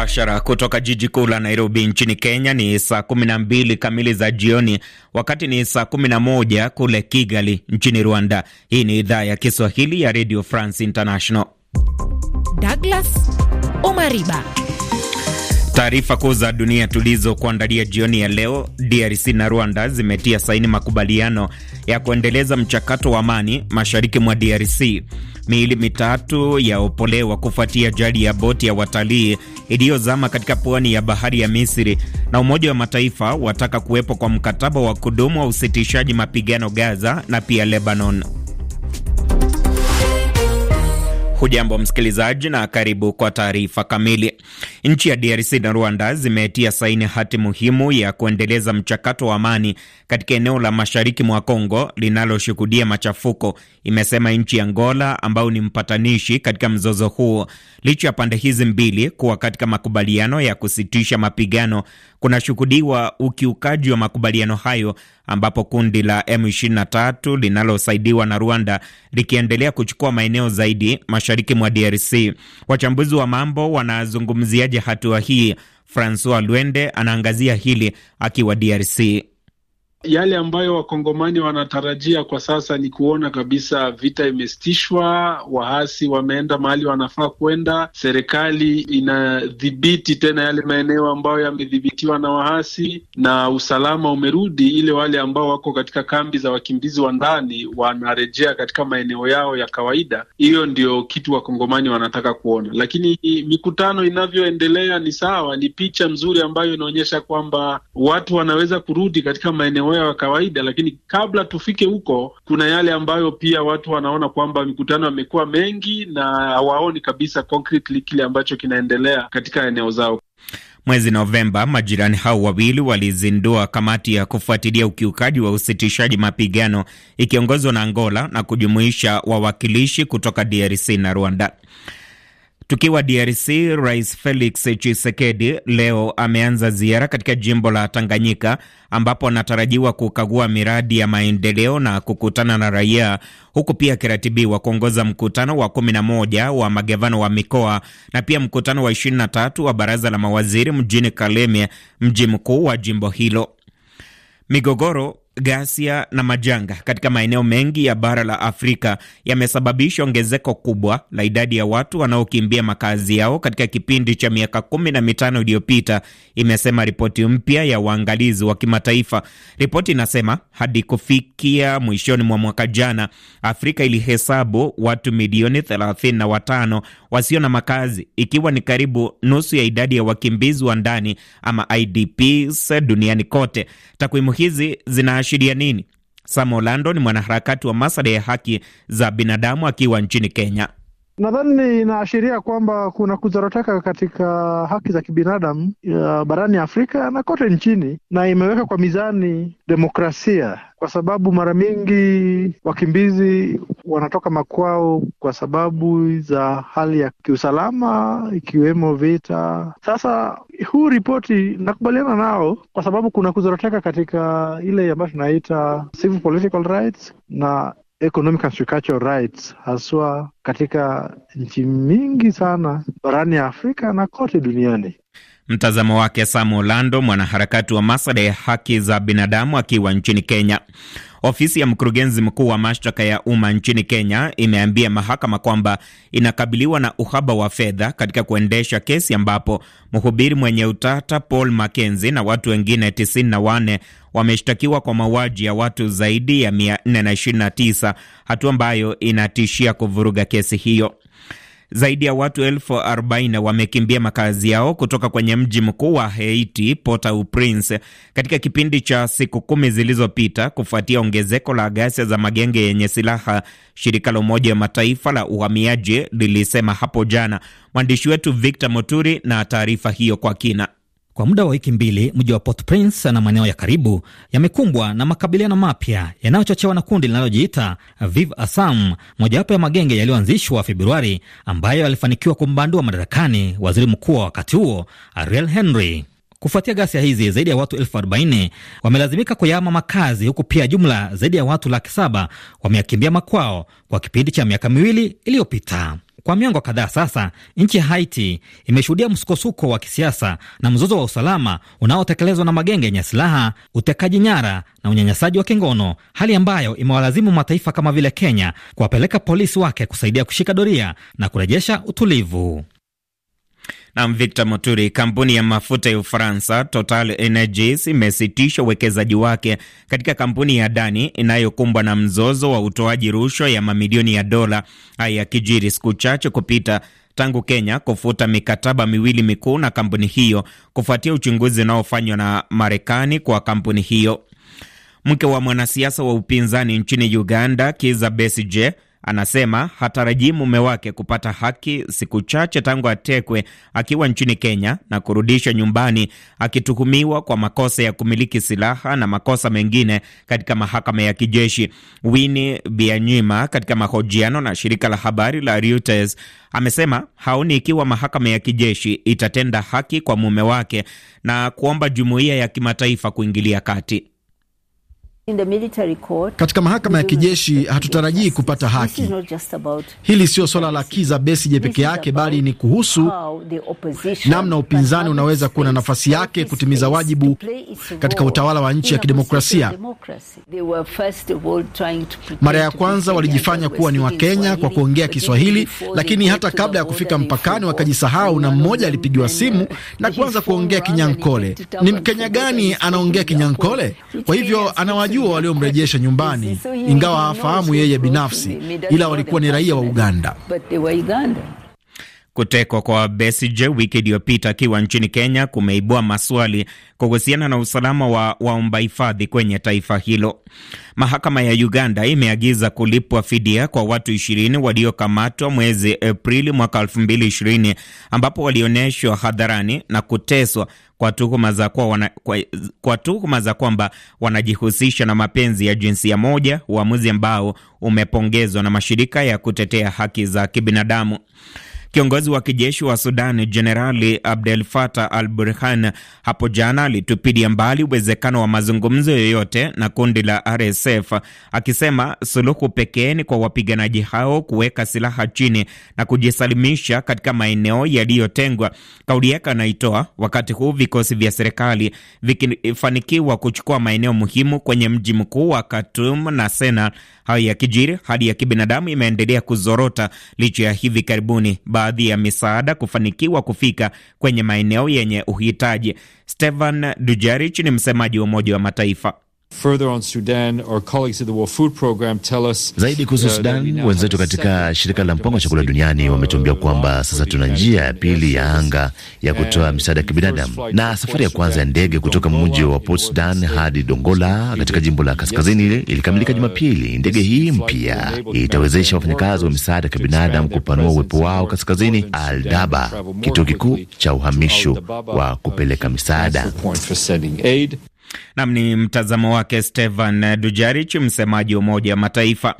mubashara kutoka jiji kuu la Nairobi nchini Kenya. Ni saa 12 kamili za jioni, wakati ni saa 11 kule Kigali nchini Rwanda. Hii ni idhaa ya Kiswahili ya Radio France International. Douglas Omariba Taarifa kuu za dunia tulizokuandalia jioni ya leo. DRC na Rwanda zimetia saini makubaliano ya kuendeleza mchakato wa amani mashariki mwa DRC. Miili mitatu yaopolewa kufuatia ajali ya boti ya watalii iliyozama katika pwani ya bahari ya Misri, na Umoja wa Mataifa wataka kuwepo kwa mkataba wa kudumu wa usitishaji mapigano Gaza na pia Lebanon. Hujambo msikilizaji na karibu kwa taarifa kamili. Nchi ya DRC na Rwanda zimetia saini hati muhimu ya kuendeleza mchakato wa amani katika eneo la mashariki mwa congo linaloshuhudia machafuko, imesema nchi ya Angola ambayo ni mpatanishi katika mzozo huo. Licha ya pande hizi mbili kuwa katika makubaliano ya kusitisha mapigano, kunashuhudiwa ukiukaji wa makubaliano hayo ambapo kundi la M23 linalosaidiwa na Rwanda likiendelea kuchukua maeneo zaidi mashariki mwa DRC. Wachambuzi wa mambo wanazungumziaje hatua hii? Francois Lwende anaangazia hili akiwa DRC. Yale ambayo wakongomani wanatarajia kwa sasa ni kuona kabisa vita imesitishwa, waasi wameenda mahali wanafaa kwenda, serikali inadhibiti tena yale maeneo ambayo yamedhibitiwa na waasi, na usalama umerudi, ile wale ambao wako katika kambi za wakimbizi wa ndani wanarejea katika maeneo yao ya kawaida. Hiyo ndio kitu wakongomani wanataka kuona, lakini mikutano inavyoendelea ni sawa, ni picha mzuri ambayo inaonyesha kwamba watu wanaweza kurudi katika maeneo wewe wa kawaida, lakini kabla tufike huko, kuna yale ambayo pia watu wanaona kwamba mikutano yamekuwa mengi na hawaoni kabisa concretely kile ambacho kinaendelea katika eneo zao. Mwezi Novemba, majirani hao wawili walizindua kamati ya kufuatilia ukiukaji wa usitishaji mapigano ikiongozwa na Angola na kujumuisha wawakilishi kutoka DRC na Rwanda. Tukiwa DRC, Rais Felix Tshisekedi leo ameanza ziara katika jimbo la Tanganyika ambapo anatarajiwa kukagua miradi ya maendeleo na kukutana na raia, huku pia akiratibiwa kuongoza mkutano wa 11 wa magavana wa mikoa na pia mkutano wa 23 wa baraza la mawaziri mjini Kalemie, mji mkuu wa jimbo hilo. Migogoro ghasia na majanga katika maeneo mengi ya bara la Afrika yamesababisha ongezeko kubwa la idadi ya watu wanaokimbia makazi yao katika kipindi cha miaka kumi na mitano iliyopita, imesema ripoti mpya ya waangalizi wa kimataifa. Ripoti inasema hadi kufikia mwishoni mwa mwaka jana, Afrika ilihesabu watu milioni thelathini na watano wasio na makazi, ikiwa ni karibu nusu ya idadi ya wakimbizi wa ndani ama IDPs duniani kote. Takwimu hizi zina inaashiria nini? Sam olando ni mwanaharakati wa masuala ya haki za binadamu akiwa nchini Kenya. Nadhani inaashiria kwamba kuna kuzoroteka katika haki za kibinadamu barani Afrika na kote nchini, na imeweka kwa mizani demokrasia, kwa sababu mara mingi wakimbizi wanatoka makwao kwa sababu za hali ya kiusalama, ikiwemo vita. Sasa huu ripoti nakubaliana nao, kwa sababu kuna kuzoroteka katika ile ambayo tunaita civil political rights na economic and rights haswa katika nchi mingi sana barani ya Afrika na kote duniani. Mtazamo wake Sam Orlando, mwanaharakati wa masuala ya haki za binadamu akiwa nchini Kenya. Ofisi ya mkurugenzi mkuu wa mashtaka ya umma nchini Kenya imeambia mahakama kwamba inakabiliwa na uhaba wa fedha katika kuendesha kesi ambapo mhubiri mwenye utata Paul makenzi na watu wengine 94 wameshtakiwa kwa mauaji ya watu zaidi ya 429, hatua ambayo inatishia kuvuruga kesi hiyo. Zaidi ya watu elfu arobaini wamekimbia makazi yao kutoka kwenye mji mkuu wa Haiti, Port-au-Prince katika kipindi cha siku kumi zilizopita kufuatia ongezeko la ghasia za magenge yenye silaha, shirika la Umoja wa Mataifa la uhamiaji lilisema hapo jana. Mwandishi wetu Victor Moturi na taarifa hiyo kwa kina. Kwa muda wa wiki mbili, mji wa port prince na maeneo ya karibu yamekumbwa na makabiliano mapya yanayochochewa na kundi linalojiita Vive Assam, mojawapo ya magenge yaliyoanzishwa Februari, ambayo yalifanikiwa kumbandua madarakani waziri mkuu wa wakati huo Ariel Henry. Kufuatia ghasia hizi, zaidi ya watu elfu arobaini wamelazimika kuyahama makazi, huku pia jumla zaidi ya watu laki saba wameyakimbia makwao kwa kipindi cha miaka miwili iliyopita. Kwa miongo kadhaa sasa nchi ya Haiti imeshuhudia msukosuko wa kisiasa na mzozo wa usalama unaotekelezwa na magenge yenye silaha, utekaji nyara na unyanyasaji wa kingono, hali ambayo imewalazimu mataifa kama vile Kenya kuwapeleka polisi wake kusaidia kushika doria na kurejesha utulivu. Na Victor Moturi. Kampuni ya mafuta ya Ufaransa Total Energies imesitisha uwekezaji wake katika kampuni ya Dani inayokumbwa na mzozo wa utoaji rushwa ya mamilioni ya dola. Haya yakijiri siku chache kupita tangu Kenya kufuta mikataba miwili mikuu na kampuni hiyo kufuatia uchunguzi unaofanywa na Marekani kwa kampuni hiyo. Mke wa mwanasiasa wa upinzani nchini Uganda Kiza Besigye Anasema hatarajii mume wake kupata haki siku chache tangu atekwe akiwa nchini Kenya na kurudishwa nyumbani akituhumiwa kwa makosa ya kumiliki silaha na makosa mengine katika mahakama ya kijeshi. wini bianyima katika mahojiano na shirika la habari la Reuters, amesema haoni ikiwa mahakama ya kijeshi itatenda haki kwa mume wake na kuomba jumuiya ya kimataifa kuingilia kati. Katika mahakama ya kijeshi hatutarajii kupata haki. Hili sio swala la Kizza Besigye peke yake, bali ni kuhusu namna upinzani unaweza kuwa na nafasi yake kutimiza wajibu katika utawala wa nchi ya kidemokrasia. Mara ya kwanza walijifanya kuwa ni Wakenya kwa kuongea Kiswahili, lakini hata kabla ya kufika mpakani wakajisahau, na mmoja alipigiwa simu na kuanza kuongea Kinyankole. Ni Mkenya gani anaongea Kinyankole? Kwa hivyo anawajua Wanajua waliomrejesha nyumbani, ingawa hawafahamu yeye binafsi, ila walikuwa ni raia wa Uganda. Kutekwa kwa Besigye wiki iliyopita akiwa nchini Kenya kumeibua maswali kuhusiana na usalama wa waomba hifadhi kwenye taifa hilo. Mahakama ya Uganda imeagiza kulipwa fidia kwa watu ishirini waliokamatwa mwezi Aprili mwaka elfu mbili ishirini ambapo walionyeshwa hadharani na kuteswa kwa tuhuma za kuwa wana, kwa, kwa tuhuma za kwamba wanajihusisha na mapenzi ya jinsia moja, uamuzi ambao umepongezwa na mashirika ya kutetea haki za kibinadamu. Kiongozi wa kijeshi wa Sudan Jenerali Abdel Fattah al Burhan hapo jana alitupidia mbali uwezekano wa mazungumzo yoyote na kundi la RSF akisema suluhu pekee ni kwa wapiganaji hao kuweka silaha chini na kujisalimisha katika maeneo yaliyotengwa. Kauli yake anaitoa wakati huu vikosi vya serikali vikifanikiwa kuchukua maeneo muhimu kwenye mji mkuu wa Khartoum na Sena Hayo ya kijiri, hali ya kibinadamu imeendelea kuzorota licha ya hivi karibuni baadhi ya misaada kufanikiwa kufika kwenye maeneo yenye uhitaji. Stefan Dujarric ni msemaji wa Umoja wa Mataifa. Zaidi kuhusu uh, Sudan, wenzetu katika shirika la mpango wa chakula duniani uh, wametuambia kwamba sasa tuna njia ya pili ya anga ya kutoa misaada ya kibinadamu, na safari ya kwanza ya ndege kutoka mji wa Port Sudan hadi Dongola katika jimbo la kaskazini ilikamilika uh, Jumapili. Ndege hii mpya itawezesha wafanyakazi wa misaada ya kibinadamu kupanua uwepo wao kaskazini Aldaba, kituo kikuu cha uhamisho wa kupeleka misaada. Nam ni mtazamo wake Stephane dujarich msemaji wa Umoja wa Mataifa.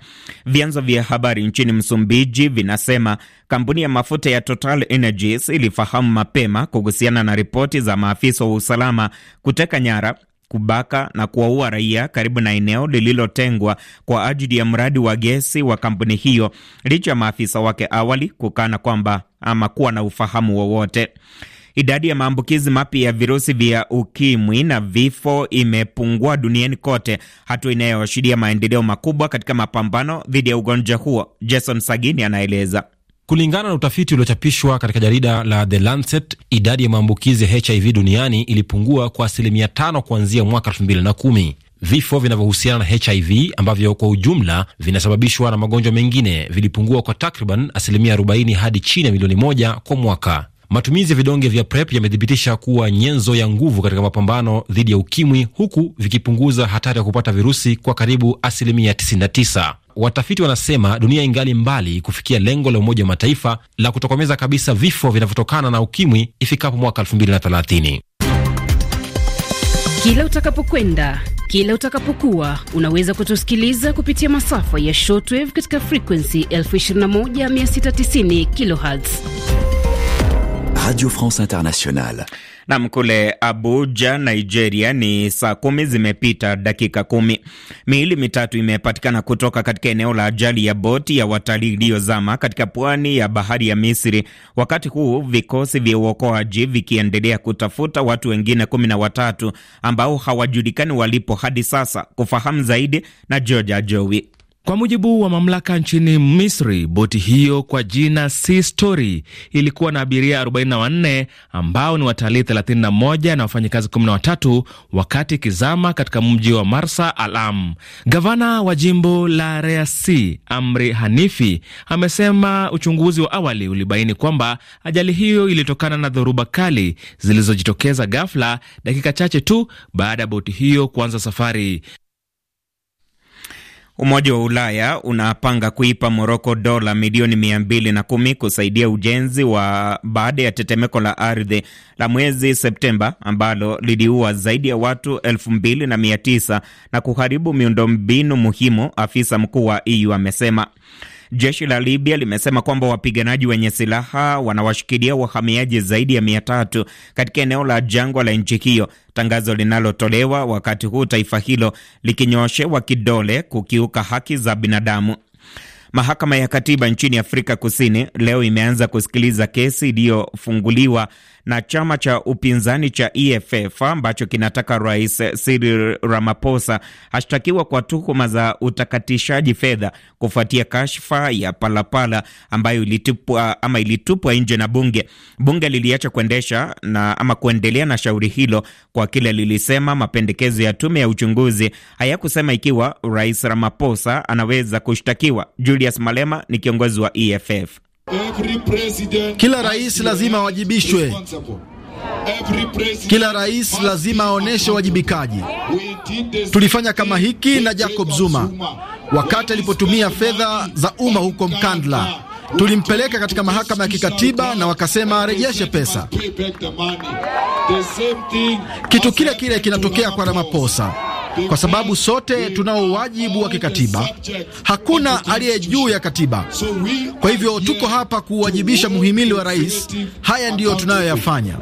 Vyanzo vya habari nchini Msumbiji vinasema kampuni ya mafuta ya Total Energies ilifahamu mapema kuhusiana na ripoti za maafisa wa usalama kuteka nyara kubaka na kuwaua raia karibu na eneo lililotengwa kwa ajili ya mradi wa gesi wa kampuni hiyo, licha ya maafisa wake awali kukana kwamba ama kuwa na ufahamu wowote. Idadi ya maambukizi mapya ya virusi vya ukimwi na vifo imepungua duniani kote, hatua inayoashiria maendeleo makubwa katika mapambano dhidi ya ugonjwa huo. Jason Sagini anaeleza. Kulingana na utafiti uliochapishwa katika jarida la The Lancet, idadi ya maambukizi ya HIV duniani ilipungua kwa asilimia tano kuanzia mwaka 2010 Vifo vinavyohusiana na HIV ambavyo kwa ujumla vinasababishwa na magonjwa mengine vilipungua kwa takriban asilimia 40 hadi chini ya milioni moja kwa mwaka. Matumizi ya vidonge vya PrEP yamethibitisha kuwa nyenzo ya nguvu katika mapambano dhidi ya ukimwi, huku vikipunguza hatari ya kupata virusi kwa karibu asilimia 99. Watafiti wanasema dunia ingali mbali kufikia lengo la Umoja wa Mataifa la kutokomeza kabisa vifo vinavyotokana na ukimwi ifikapo mwaka 2030. Kila utakapokwenda kila utakapokuwa unaweza kutusikiliza kupitia masafa ya shortwave katika frequency 21690 kilohertz Radio France Internationale. Nam, kule Abuja, Nigeria ni saa kumi zimepita dakika kumi. Miili mitatu imepatikana kutoka katika eneo la ajali ya boti ya watalii iliyozama katika pwani ya bahari ya Misri, wakati huu vikosi vya uokoaji vikiendelea kutafuta watu wengine kumi na watatu ambao hawajulikani walipo hadi sasa. Kufahamu zaidi na Georgia Jowi. Kwa mujibu wa mamlaka nchini Misri, boti hiyo kwa jina Sea Story ilikuwa na abiria 44 ambao ni watalii 31 na wafanyikazi 13 wakati ikizama katika mji wa Marsa Alam. Gavana wa jimbo la Reasi Amri Hanifi amesema uchunguzi wa awali ulibaini kwamba ajali hiyo ilitokana na dhoruba kali zilizojitokeza ghafla dakika chache tu baada ya boti hiyo kuanza safari. Umoja wa Ulaya unapanga kuipa Moroko dola milioni mia mbili na kumi kusaidia ujenzi wa baada ya tetemeko la ardhi la mwezi Septemba ambalo liliua zaidi ya watu elfu mbili na mia tisa na kuharibu miundombinu muhimu, afisa mkuu wa EU amesema. Jeshi la Libya limesema kwamba wapiganaji wenye silaha wanawashikilia wahamiaji zaidi ya mia tatu katika eneo la jangwa la nchi hiyo, tangazo linalotolewa wakati huu taifa hilo likinyoshewa kidole kukiuka haki za binadamu. Mahakama ya Katiba nchini Afrika Kusini leo imeanza kusikiliza kesi iliyofunguliwa na chama cha upinzani cha EFF ambacho kinataka Rais Cyril Ramaphosa ashtakiwa kwa tuhuma za utakatishaji fedha kufuatia kashfa ya Palapala ambayo ilitupwa ama ilitupwa nje na bunge. Bunge liliacha kuendesha na ama kuendelea na shauri hilo kwa kile lilisema mapendekezo ya tume ya uchunguzi hayakusema ikiwa Rais Ramaphosa anaweza kushtakiwa. Julius Malema ni kiongozi wa EFF. Kila rais lazima awajibishwe. Kila rais lazima aonyeshe wajibikaji. Tulifanya kama hiki na Jacob Zuma wakati alipotumia fedha za umma huko Mkandla. Tulimpeleka katika mahakama ya kikatiba na wakasema arejeshe pesa. Kitu kile kile kinatokea kwa Ramaphosa kwa sababu sote tunao wajibu wa kikatiba. Hakuna aliye juu ya katiba. Kwa hivyo tuko hapa kuwajibisha muhimili wa rais. Haya ndiyo tunayoyafanya.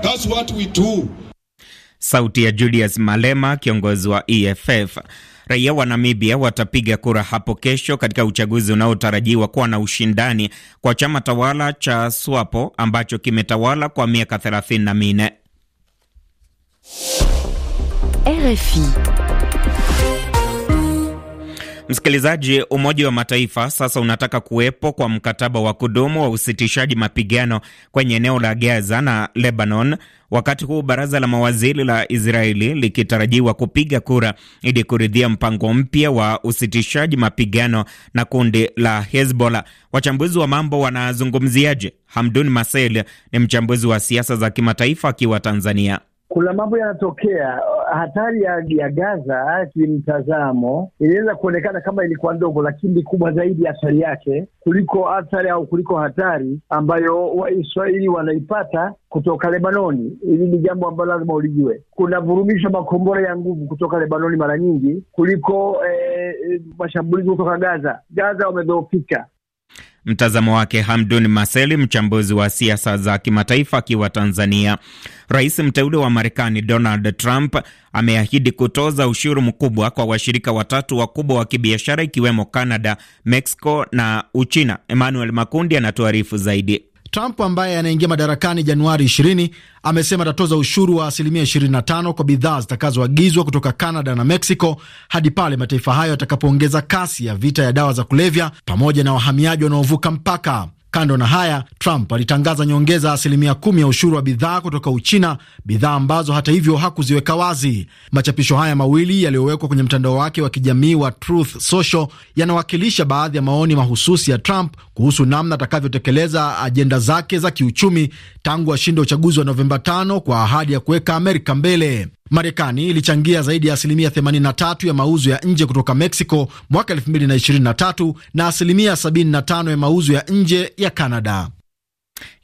Sauti ya Julius Malema, kiongozi wa EFF. Raia wa Namibia watapiga kura hapo kesho katika uchaguzi unaotarajiwa kuwa na ushindani kwa chama tawala cha SWAPO ambacho kimetawala kwa miaka 34. RFI Msikilizaji, Umoja wa Mataifa sasa unataka kuwepo kwa mkataba wa kudumu wa usitishaji mapigano kwenye eneo la Gaza na Lebanon, wakati huu baraza la mawaziri la Israeli likitarajiwa kupiga kura ili kuridhia mpango mpya wa usitishaji mapigano na kundi la Hezbollah. Wachambuzi wa mambo wanazungumziaje? Hamdun Masel ni mchambuzi wa siasa za kimataifa akiwa Tanzania. Kuna mambo yanatokea hatari ya, ya Gaza eh, kimtazamo iliweza kuonekana kama ilikuwa ndogo, lakini ni kubwa zaidi hatari yake kuliko athari au kuliko hatari ambayo Waisraeli wanaipata kutoka Lebanoni. Hili ni jambo ambalo lazima ulijue. Kuna vurumisho makombora ya nguvu kutoka Lebanoni mara nyingi kuliko eh, eh mashambulizi kutoka Gaza. Gaza wamedhoofika Mtazamo wake Hamdun Maseli, mchambuzi wa siasa za kimataifa akiwa Tanzania. Rais mteule wa Marekani Donald Trump ameahidi kutoza ushuru mkubwa kwa washirika watatu wakubwa wa kibiashara ikiwemo Canada, Mexico na Uchina. Emmanuel Makundi anatuarifu zaidi. Trump ambaye anaingia madarakani Januari 20 amesema atatoza ushuru wa asilimia 25 kwa bidhaa zitakazoagizwa kutoka Canada na Mexico hadi pale mataifa hayo yatakapoongeza kasi ya vita ya dawa za kulevya pamoja na wahamiaji wanaovuka mpaka. Kando na haya, Trump alitangaza nyongeza ya asilimia kumi ya ushuru wa bidhaa kutoka Uchina, bidhaa ambazo hata hivyo hakuziweka wazi. Machapisho haya mawili yaliyowekwa kwenye mtandao wake wa kijamii wa Truth Social yanawakilisha baadhi ya maoni mahususi ya Trump kuhusu namna atakavyotekeleza ajenda zake za kiuchumi, tangu ashinde uchaguzi wa Novemba 5 kwa ahadi ya kuweka Amerika mbele. Marekani ilichangia zaidi ya asilimia 83 ya mauzo ya nje kutoka Mexico mwaka 2023 na asilimia 75 ya mauzo ya nje ya Canada.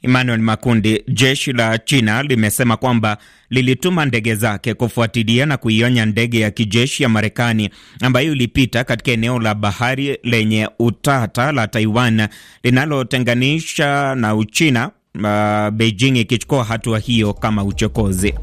Emmanuel Makundi. Jeshi la China limesema kwamba lilituma ndege zake kufuatilia na kuionya ndege ya kijeshi ya Marekani ambayo ilipita katika eneo la bahari lenye utata la Taiwan linalotenganisha na Uchina uh, Beijing ikichukua hatua hiyo kama uchokozi.